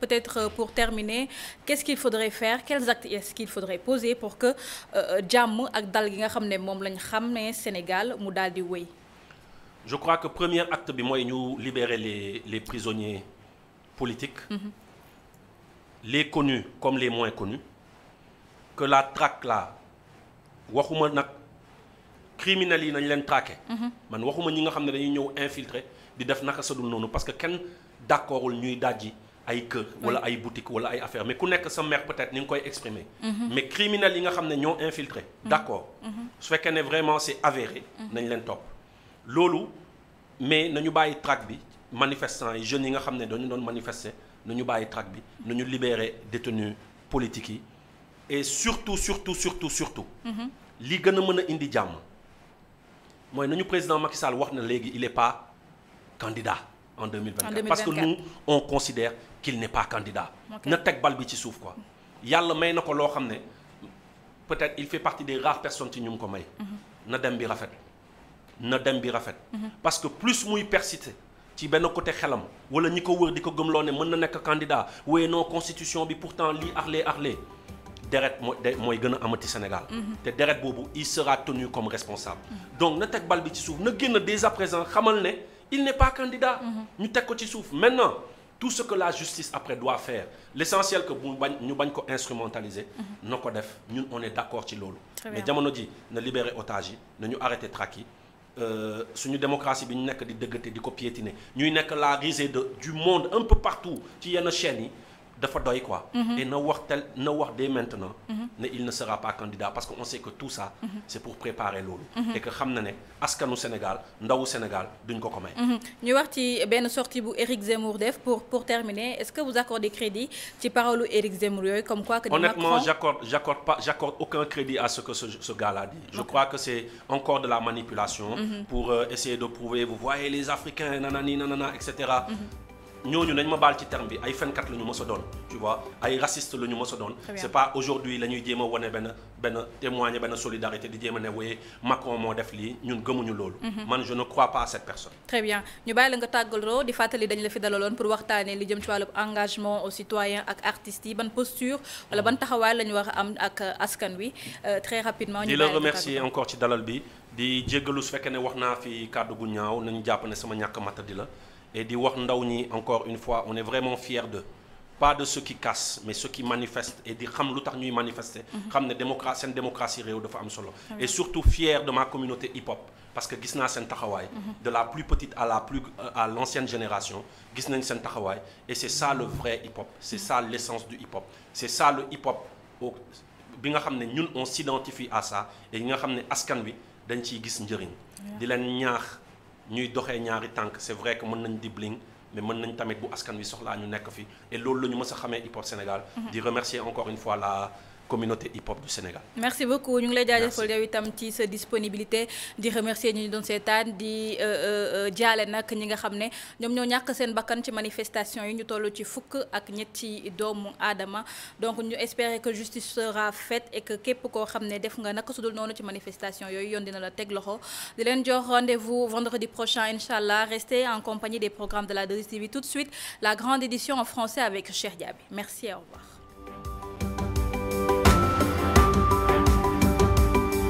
Peut-être euh, pour terminer qu'est-ce qu'il faudrait faire quels actes est-ce qu'il faudrait poser pour que euh, euh, jàmm ak dal gi nga xam ne moom lañ xam ne Sénégal mu daal di wéy. Je crois que première acte bi mooy ñu libérer les les prisonniers politiques. Mm les connus comme les moins connus. que la traque là waxuma nag criminels yi nañ leen traquer. Mm-hmm. man waxuma ñi nga xam ne dañuy ñëw infiltrer di def naka sadul noonu parce que kenn d'accordul ñuy dajji. ay kër wala ay boutique wala ay affaire mais ku nekk sa mer peut-être ni nga koy exprimer mhm. mais criminels yi nga xam ne ñoo infiltré mhm. d'accord mhm. su fekkee ne vraiment c'est avéré nañ leen topp loolu mais nañu bàyyi traque bi manifestants yi jeunes yi nga xam ne dañu doon na ñu bàyyi traque bi nañu libérer détenus politiques yi et surtout surtout surtout surtout li gën a mën a indi jàmm mooy nañu président Macky Sall wax na léegi il est pas candidat en 2024. parce que nous on considère qu'il n'est pas candidat. na teg bal bi ci suuf ko yàlla may na ko loo xam ne peut-être il fait partie des rares personne ci ñu ngi ko may. Mm-hmm. na dem bi rafet na dem bi rafet. Mm-hmm. parce que plus muy persister ci benn côté xelam wala ñi ko wër di ko gëm loo ne mën na nekk candidat waaye non constitution bi pourtant lii arlee arlee deret mooy mooy gën a amati Sénégal. Mm-hmm. te deret boobu il sera tenu comme responsable. donc na teg bal bi ci suuf na génn dès à présent xamal ne. il n'est pas candidat mhm. ñu teg ko ci suuf maintenant tout ce que la justice après doit faire l'essentiel que bu bañ ñu bañ ko instrumentaliser mhm. na ko def ñun on est d'accord ci loolu mais jamono ji na libérer otage yi na ñu arrêter traque yi Euh, suñu démocratie bi ñu nekk di dëggate di ko piétiner ñuy nekk la risée de du monde un peu partout ci yenn chaînes yi dafa doy quoi. Mhm. et na wax tel na wax dès maintenant. Mhm. ne il ne sera pas candidat parce que on sait que tout ça. Mhm. c' pour préparer loolu. et que xam ne askanu Sénégal ndawu Sénégal duñ ko ko may. ñu wax ci benn sortie bu Éric Zemmour def pour pour terminer est ce que vous accordez crédit ci parole Éric Zemmour yooyu comme quoi que. honnêtement j' accorde aucun crédit à ce que ce ce dit. je crois que c' encore de la manipulation. pour euh, essayer de prouver vous voyez les Africains nanani et cetera. ñooñu nañ ma baal ci terme bi ay fenkat la ñu mës a doon tu vois ay ñu mës a doon c'est pas aujourd'hui la ñuy jéem a wane benn benn témoigner benn solidarité di jéem a ne wooyee Macron moo def lii ñun gëmuñu loolu mhm. man je ne crois pas à cette personne très bàyyi la nga tàggaloo di fàttali dañ la fi dalaloon pour waxtaanee li jëm ci wàllu engagement aux citoyens ak artistes yi ban posture wala ban mhm. taxawaay la ñu war a am ak euh, askan wi euh, très rapidement di la remercier encore ci dalal bi di jéggalu su fekkee ne wax naa fi kàddu gu ñaaw nañu jàpp ne sama ñàkk matta di la et di wax ndaw ñi encore une fois on est vraiment fiers d'eux pas de ceux qui cassent mais ceux qui manifestent et di xam lu tax ñuy manifester. Mhm. xam ne démocratie seen démocratie réew dafa am solo. Ah et surtout fier de ma communauté hip-hop parce que gis naa seen taxawaay. Mhm. de la plus petite à la plus à l'ancienne génération gis nañ seen taxawaay et c'est ça le vrai hip-hop c'est ça l'essence du hip-hop c'est ça le hip-hop bi nga xam ne ñun on s'identifie à sa et yi nga xam ne askan bi dañ ciy gis njëriñ. ñuy doxee ñaari tànk c'est vrai que mën nañ di bling mais mën nañ tamit bu askan wi soxlaa ñu nekk fi et loolu la ñu mës a xamee hip hop Sénégal. Mm-hmm. di remercier encore une fois la. communauté hip hop du merci beaucoup ñu ngi lay jaajëfal yow itam ci sa disponibilité di remercier ñi ñu doon seetaan di euh, euh, euh, jaale nag ñi nga xam ne ñoom ñoo ñàkk seen bakkan ci manifestation yi ñu toll ci fukk ak ñetti doomu aadama donc ñu espérer que justice sera faite et que képp koo xam ne def nga naka sudul noonu ci manifestation yooyu yoon dina la teg loxo di leen jox rendez-vous vendredi prochain incha allah restez en compagnie de programmes de la 2STV tout de suite la grande édition en français avec Cheikh